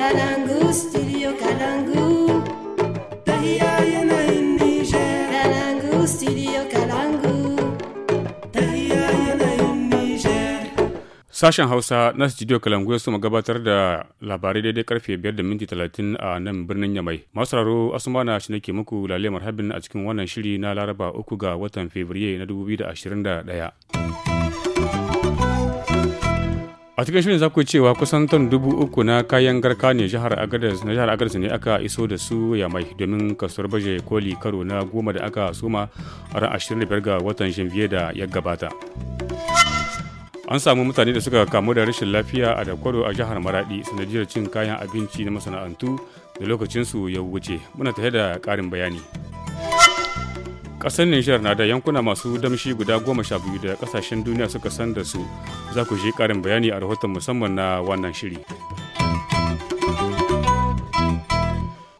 Kalangu, studio Kalangu. Sashen Hausa na studio Kalangu su gabatar da labarai daidai karfe biyar da minti talatin a nan birnin Yamai. Masu raro Asumana shi nake muku lalemar marhabin a cikin wannan shiri na Laraba uku ga watan Fabrairu na 2021. a cikin shirin za ku cewa kusan ton dubu uku na kayan garka ne jihar agadas na jihar agadas ne aka iso da su ya mai domin kasuwar baje koli karo na goma da aka suma a ran 25 ga watan janvier da ya gabata an samu mutane da suka kamu da rashin lafiya a dakwaro a jihar maradi sanadiyar cin kayan abinci na masana'antu da lokacinsu ya wuce muna tare da karin bayani ƙasar nijar na da yankuna masu damshi guda goma sha biyu da ƙasashen duniya suka san da su za ku je ƙarin bayani a rahoton musamman na wannan shiri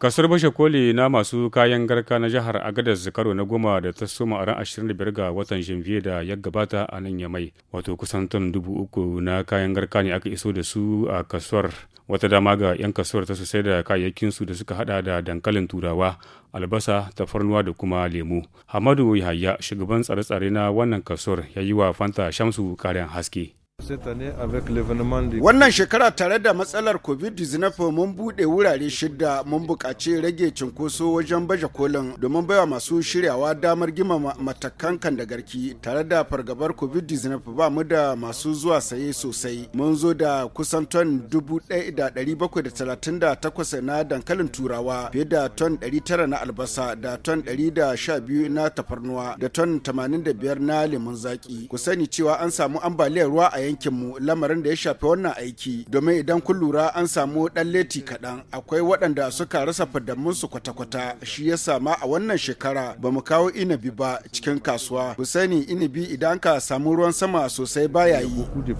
kasar bashe koli na masu kayan garka na jihar agadez karo na goma da ta soma a ran 25 ga watan janvier da ya gabata a nan yamai wato kusan ton dubu uku na kayan garka ne aka iso da su a kasuwar wata dama ga 'yan kasuwar ta sai da kayayyakinsu da suka hada da dankalin turawa albasa tafarnuwa da kuma lemu hamadu yahaya shugaban tsare-tsare na wannan kasuwar ya yi wa fanta shamsu karen haske Wannan shekara tare da matsalar COVID-19 mun buɗe wurare shida mun buƙaci rage cinkoso wajen baje kolin domin baiwa masu shiryawa damar gima matakan kan da garki tare da fargabar COVID-19 ba mu da masu zuwa saye sosai. Mun zo da kusan ton 1,738 na dankalin turawa fiye da ton 900 na albasa da ton 112 na tafarnuwa da ton 85 na lemun zaki. Ku sani cewa an samu ambaliyar ruwa a yankin yankinmu lamarin da ya shafi wannan aiki domin idan kun lura an samu ɗan leti kaɗan akwai waɗanda suka rasa su kwata-kwata shi ya sama a wannan shekara ba mu kawo inabi ba cikin kasuwa ku sani inabi idan ka samu ruwan sama sosai baya yi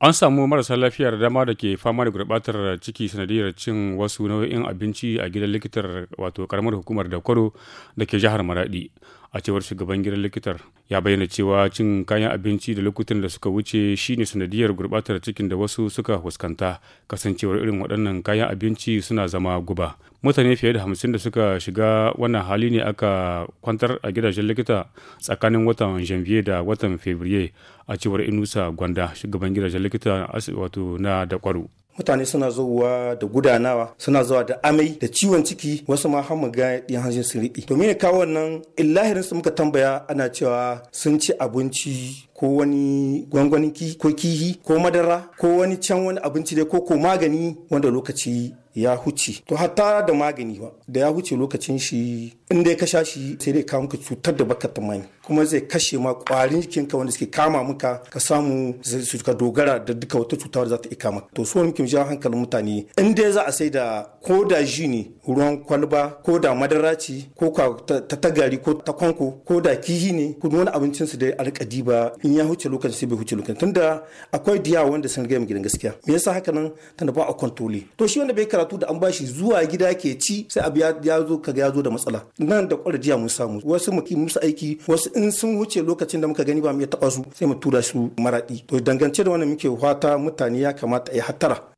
an samu marasa lafiyar dama da ke fama da gurbatar ciki sanadiyar cin wasu nau'in abinci a gidan likitar wato karamar hukumar da kwaro da ke jihar maradi a cewar shugaban gidan likitar ya bayyana cewa cin kayan abinci da lokutan da suka wuce shine sanadiyar gurbatar cikin da wasu suka fuskanta kasancewar irin waɗannan kayan abinci suna zama guba mutane fiye da hamsin da suka shiga wannan hali ne aka kwantar a gidajen likita tsakanin watan janvier da watan fevrier a cewar inusa gwanda shugaban gidajen likita wato na da kwaro mutane suna zuwa da gudanawa suna zuwa da amai da ciwon ciki wasu ma har ga ɗiyan hanzin sun riɗi domin kawo wannan illahirin su muka tambaya ana cewa sun ci abinci ko wani gwangwanin ko kihi ko madara ko wani can wani abinci dai ko ko magani wanda lokaci ya huce to hatta da magani ba da ya huce lokacin shi in dai ka sha shi sai dai kawo ka cutar da baka tamani kuma zai kashe ma kwarin jikinka wanda suke kama maka ka samu su ka dogara da duka wata cuta da za ta iya kama to so muke mu hankalin mutane in dai za a sai da ko da ji ne ruwan kwalba ko da madara ce ko ta tagari ko ta kwanko ko da kihi ne ko wani abincin su da alƙa diba in ya huce lokacin sai bai huce lokacin tunda akwai diya wanda sun gaya gidan gaskiya me yasa haka nan tana ba a kwantole to shi wanda bai karatu da an bashi zuwa gida ke ci sai abu ya zo kaga ya zo da matsala nan da kwarar jiya mun samu wasu muke musu aiki wasu in sun huce lokacin da muka gani ba mu iya taɓa su sai mu tura su maraɗi to dangance da wannan muke fata mutane ya kamata ya hatara.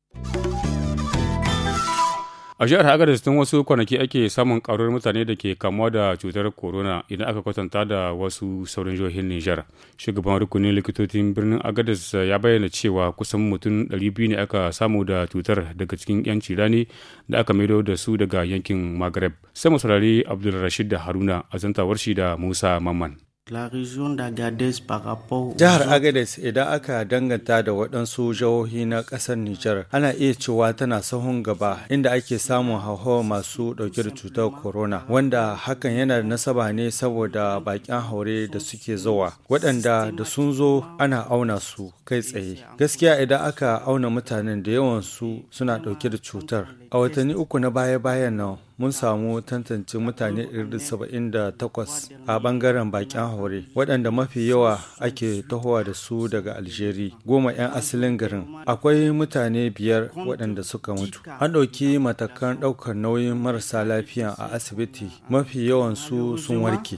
A jihar Agadez tun wasu kwanaki ake samun karuwar mutane da ke kamuwa da cutar corona idan aka kwatanta da wasu sauran jihohin Nijar. Shugaban rukunin likitocin birnin Agadez ya bayyana cewa kusan mutum biyu ne aka samu da cutar daga cikin 'yan cirani da aka maido da su daga yankin Maghreb. Sai masarari saurari Abdul da Haruna a zantawar shi da Musa Mamman. Jihar Agadez idan aka danganta da waɗansu jihohi na ƙasar Nijar ana iya cewa tana sahun gaba inda ake samun hauhawar masu ɗauke da cutar corona wanda hakan yana da nasaba ne saboda baƙin haure da suke zuwa waɗanda da sun zo ana auna su kai tsaye. Gaskiya idan aka auna mutanen da yawan su suna ɗauke da cutar a watanni uku na baya-bayan nan mun samu tantance mutane 78 a bangaren bakin haure waɗanda mafi yawa ake tahowa da su daga aljeri goma 'yan asalin garin akwai mutane biyar waɗanda suka mutu an ɗauki matakan ɗaukar nauyin marasa lafiya a asibiti mafi yawan su sun warke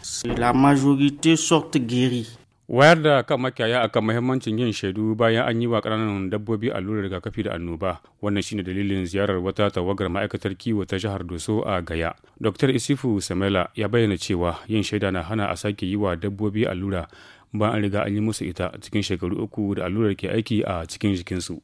wayar da kan makiyaya akan mahimmancin yin shaidu bayan an yi wa ƙananan dabbobi allurar rigakafi da annoba wannan shine dalilin ziyarar wata tawagar ma'aikatar kiwo ta jihar doso a gaya dr isifu samela ya bayyana cewa yin shaida na hana a sake yi wa dabbobi allura bayan an riga an yi musu ita cikin shekaru uku da allurar ke aiki a cikin jikinsu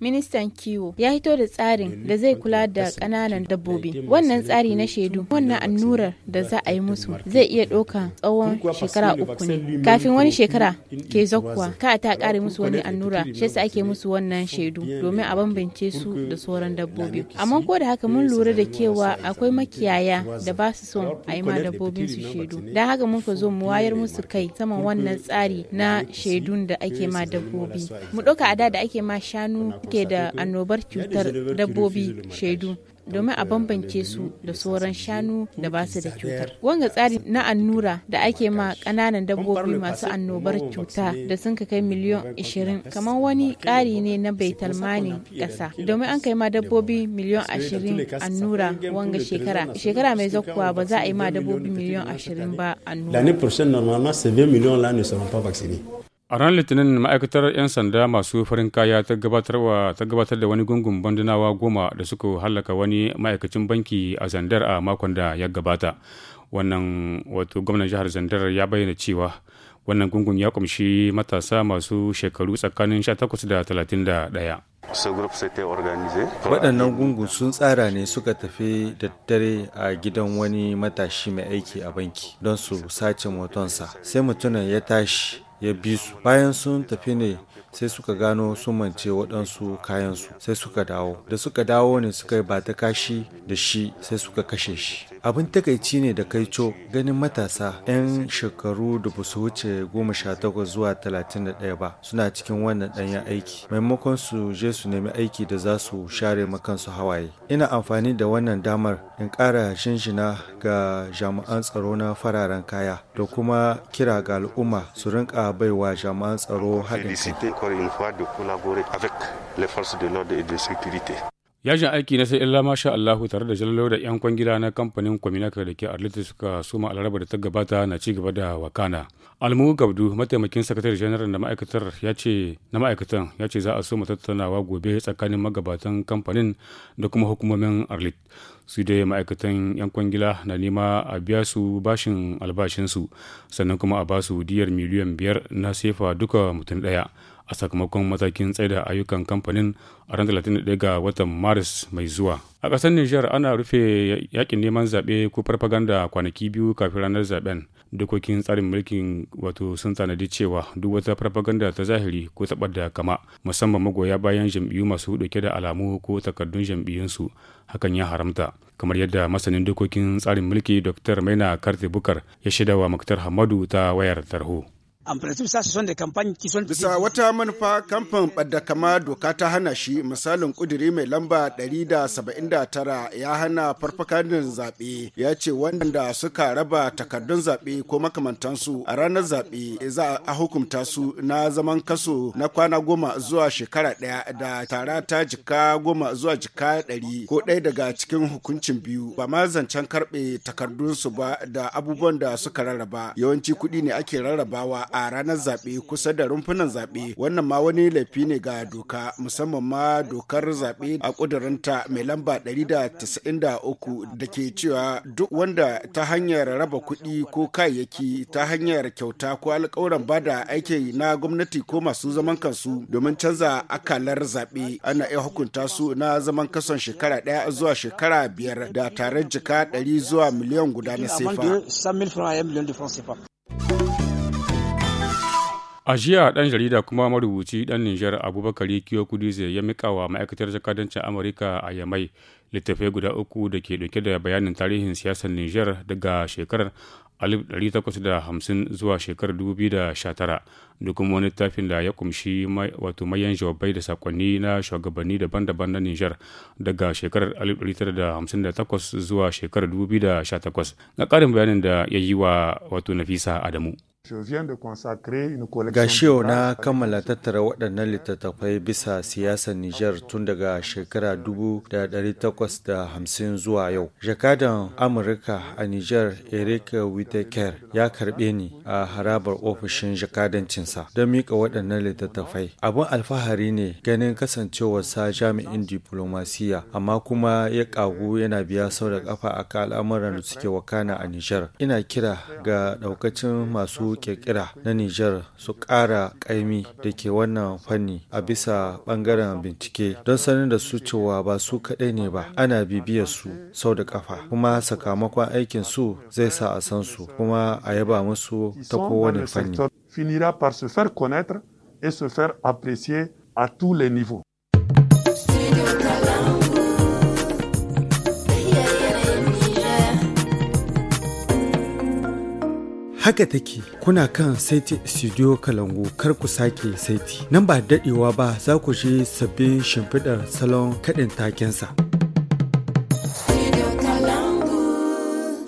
Ministan kiwo ya hito da tsarin da zai kula da ƙananan dabbobi. Wannan tsari na shaidu, wannan annurar da za a yi musu zai iya ɗauka tsawon shekara uku ne. Kafin wani shekara ke zakwa, ka ta ƙara musu wani annura, shi yasa ake musu wannan shaidu domin a bambance su da sauran dabbobi. Amma ko da haka mun lura da cewa akwai makiyaya da ba su son a yi ma dabbobin su shaidu. da haka mun fa zo mu wayar musu kai saman wannan tsari na shaidun da ake ma dabbobi. mu ɗauka a da da ake ma shanu ke da annobar cutar dabbobi shaidu domin a bambance su da sauran shanu da ba su da cutar. Wanga tsari na annura da ake ma ƙananan dabbobi masu annobar cuta da sun ka kai miliyon 20 kamar wani ƙari ne na baitalmanin ƙasa. Domin an kai ma dabbobi miliyon 20 annura wanga shekara. Shekara mai zakuwa ba za a yi ma dabbobi miliyon 20 ba annura. a ranar litinin ma'aikatar 'yan sanda masu farin kaya ta gabatar da wani gungun bandunawa goma da suka hallaka wani ma'aikacin banki a zandar a makon da ya gabata wannan wato gwamnan jihar zandar ya bayyana cewa wannan gungun ya kumshi matasa masu shekaru tsakanin 18 da 31 waɗannan gungun sun tsara ne suka tafi daddare a gidan wani matashi mai aiki a banki don su sace motonsa sai mutumin ya tashi ya bi su bayan sun tafi ne sai suka gano sun mance waɗansu kayansu sai suka dawo da suka dawo ne suka yi ba ta kashi da shi sai suka kashe shi abin takaici ne da kai co ganin matasa 'yan shekaru da ba su wuce 18 zuwa talatin da 31 ba suna cikin wannan ɗanyen aiki maimakon su je su nemi aiki da za su share makansu hawaye ina amfani da wannan damar in ƙara shinshina ga jami'an tsaro na fararen kaya da kuma kira ga al'umma su rinka baiwa jami'an tsaro haɗin kai yajin aiki na sai illa masha Allahu tare da jallo da yan kwangila na kamfanin Kwaminaka da ke Atlantic suka soma alaraba da ta gabata na ci gaba da wakana. Almu Gabdu mataimakin sakatare janar da ma'aikatar ya ce na ma'aikatan ya ce za a soma tattaunawa gobe tsakanin magabatan kamfanin da kuma hukumomin Arlit. Su dai ma'aikatan yan kwangila na nema a biya su bashin albashinsu sannan kuma a ba su diyar miliyan biyar na sefa duka mutum ɗaya. a sakamakon matakin tsaida ayyukan kamfanin a ran 31 ga watan maris mai zuwa a ƙasar niger ana rufe yakin neman zaɓe ko farfaganda kwanaki biyu kafin ranar zaɓen dokokin tsarin mulkin wato sun tanadi cewa duk wata farfaganda ta zahiri ko taɓa da kama musamman magoya bayan jam'iyyu masu ɗauke da alamu ko takardun jam'iyyunsu hakan ya haramta kamar yadda masanin dokokin tsarin mulki dr maina karti bukar ya shaidawa muktar hamadu ta wayar tarho Bisa wata manufa kamfan ɓadda kama doka ta hana shi misalin kuduri mai lamba 179 ya hana farfakanin zaɓe ya ce wanda suka raba takardun zaɓe ko makamantansu a ranar zaɓe za a hukumta su na zaman kaso na kwana goma zuwa shekara ɗaya da tara ta jika goma zuwa jika ɗari ko ɗaya daga cikin hukuncin biyu ba ma zancen karɓe takardunsu ba da abubuwan da suka rarraba yawanci kuɗi ne ake rarrabawa a ranar zaɓe kusa da rumfunan zaɓe wannan ma wani laifi ne ga doka musamman ma dokar zaɓe a ƙudurinta mai lamba 193 da ke cewa duk wanda ta hanyar raba kuɗi ko kayayyaki ta hanyar kyauta ko alƙawuran da aiki na gwamnati ko masu zaman kansu domin canza akalar zaɓe ana iya hukunta su na zaman kason shekara ɗaya zuwa shekara biyar da tare jika ɗari zuwa miliyan guda na sefa. A jiya dan jarida kuma marubuci dan Nijar kiyo kudize ya mika wa ma'aikatar jakadancin Amurka a Yamai littafai guda uku da ke dauke da bayanin tarihin siyasar Nijar daga shekarar 1850 zuwa shekarar 2019 da kuma wani littafin da ya kumshi wato mayan jawabai da sakonni na shugabanni daban-daban na Nijar daga shekarar 1958 zuwa shekarar 2018 ga karin bayanin da ya yi wa wato Nafisa Adamu. gashiyo na kammala tattara waɗannan littattafai bisa siyasar Nijar tun daga shekara 1850 zuwa yau. Jakadan Amurka a Nijar Eric Whitaker ya karɓe ni a harabar ofishin jakadancinsa don mika waɗannan littattafai. Abin alfahari ne ganin kasancewarsa jami'in diplomasiya amma kuma ya ƙagu yana biya sau da ƙafa a al'amuran da suke wakana a Nijar. Ina kira ga ɗaukacin masu kirkira na Nijar su ƙara ƙaimi da ke wannan fanni a bisa ɓangaren bincike don sanin da su cewa ba su kaɗai ne ba ana bibiya su sau da ƙafa kuma sakamakon aikin su zai sa a san su kuma a yaba musu ta kowane fanni. finira par se faire connaître et se faire apprécier haka take kuna kan saiti studio kalangu kar ku sake saiti nan ba dadewa ba za ku je sabbin shimfidar salon kaɗin takensa.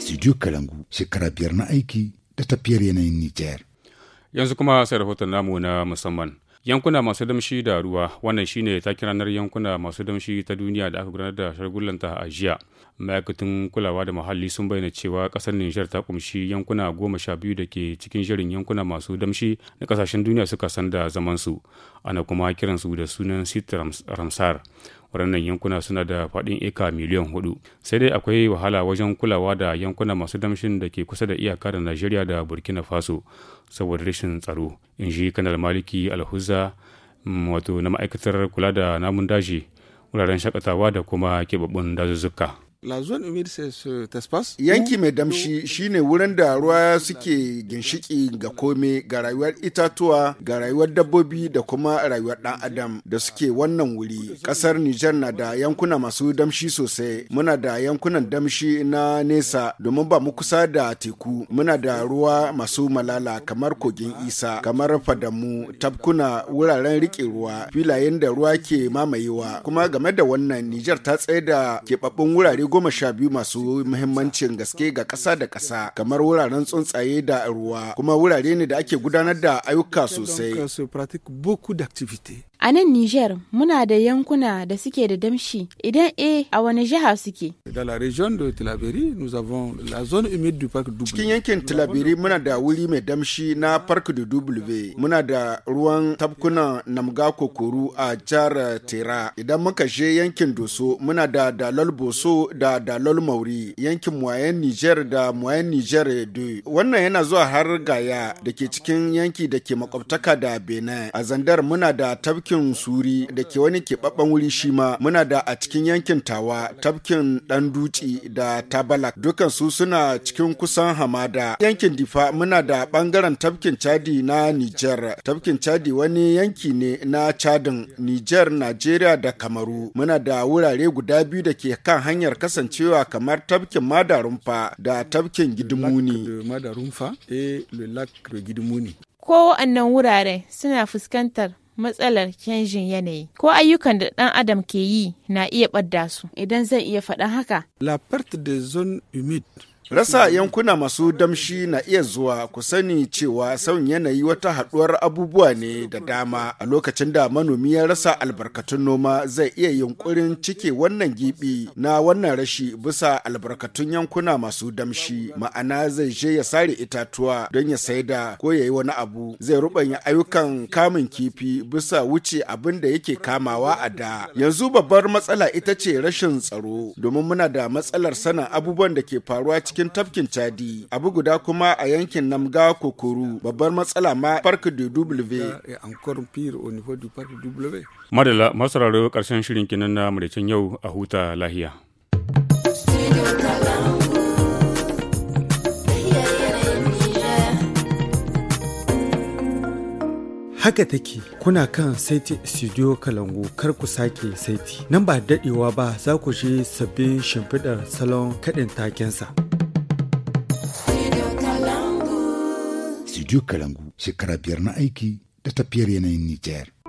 studio kalangu shekara biyar na aiki da tafiyar yanayin niger yanzu kuma sai rahoton namu na musamman yankuna masu damshi da ruwa wannan shine taki ranar yankuna masu damshi ta duniya da aka gudanar da shagulanta a jiya ma'aikatan kulawa da muhalli sun bayyana cewa kasar niger ta kumshi yankuna goma sha biyu da ke cikin shirin yankuna masu damshi na kasashen duniya suka san da zamansu ana kuma kiransu da sunan sit ramsar waɗannan yankuna suna da faɗin eka miliyan hudu sai dai akwai wahala wajen kulawa da yankuna masu damshin da ke kusa da iyaka da najeriya da burkina faso saboda rashin tsaro in ji kanal maliki alhuza mm, wato na ma'aikatar kula da namun daji wuraren shakatawa da kuma keɓaɓɓun dazuzzuka La zone humide c'est cet espace. Yanki mai damshi shine wurin da ruwa suke ginshiki ga kome ga rayuwar itatuwa ga rayuwar dabbobi da kuma rayuwar dan adam da suke wannan wuri. Kasar niger na da yankuna masu damshi sosai. Muna da yankunan damshi na nesa domin ba mu kusa da teku. Muna da ruwa masu malala kamar kogin Isa, kamar fadamu, tabkuna, wuraren rike ruwa, filayen da ruwa ke mamayewa. Kuma game da wannan niger ta tsaye da keɓaɓɓun wurare goma sha biyu masu muhimmancin gaske ga ƙasa da ƙasa kamar wuraren tsuntsaye da ruwa kuma wurare ne da ake gudanar da ayyuka sosai. Euh, A nan Niger muna da yankuna da suke da damshi idan e a wani jiha suke. la région de Tilaberi nous avons la zone humide du parc W. Cikin yankin Tilaberi muna da wuri mai damshi na parc de W. Muna da ruwan tabkunan Namga Kokoru a jihar Tera. Idan muka je yankin Doso muna da Dalol Boso da Dalol Mauri yankin Moyen Niger da Moyen Niger de. Wannan yana zuwa har Gaya da ke cikin yanki da ke makwabtaka da Benin. A Zandar muna da tabki tafkin suri da ke wani keɓaɓɓen wuri shi ma muna da a cikin yankin tawa tafkin ɗan duci da tabalak dukan su suna cikin kusan hamada yankin difa muna da ɓangaren tafkin chadi na niger tafkin chadi wani yanki ne na chadin niger nigeria da kamaru muna da wurare guda biyu da ke kan hanyar kasancewa kamar tafkin madarumfa da tafkin gidimuni ko wa'annan wurare suna fuskantar matsalar canjin yanayi ko ayyukan da ɗan adam ke yi na iya ɓadda su. Idan zan iya faɗan haka. La perte de zone humide Rasa yankuna masu damshi na iya zuwa ku sani cewa sauyin yanayi wata haɗuwar abubuwa ne da dama a lokacin da manomi ya rasa albarkatun noma zai iya yunkurin cike wannan gibi na wannan rashi bisa albarkatun yankuna masu damshi ma'ana zai je ya sare itatuwa don ya da ko ya yi wani abu zai rubanya ayyukan kamun kifi bisa wuce abin da yake kamawa a da yanzu babbar matsala ita ce rashin tsaro domin muna da matsalar sanin abubuwan da ke faruwa cikin cikin tafkin Chadi, abu guda kuma a yankin Namga Kokoro babbar matsala ma Park de W. Madala masu rarrawa karshen shirin kinan na maraicen yau a huta lahiya. haka take kuna kan saiti studio kalangu kar ku sake saiti nan ba dadewa ba za ku je sabbin shimfiɗar salon kaɗin takensa. studio kalangu shekara biyar na aiki da tafiyar yanayin nijar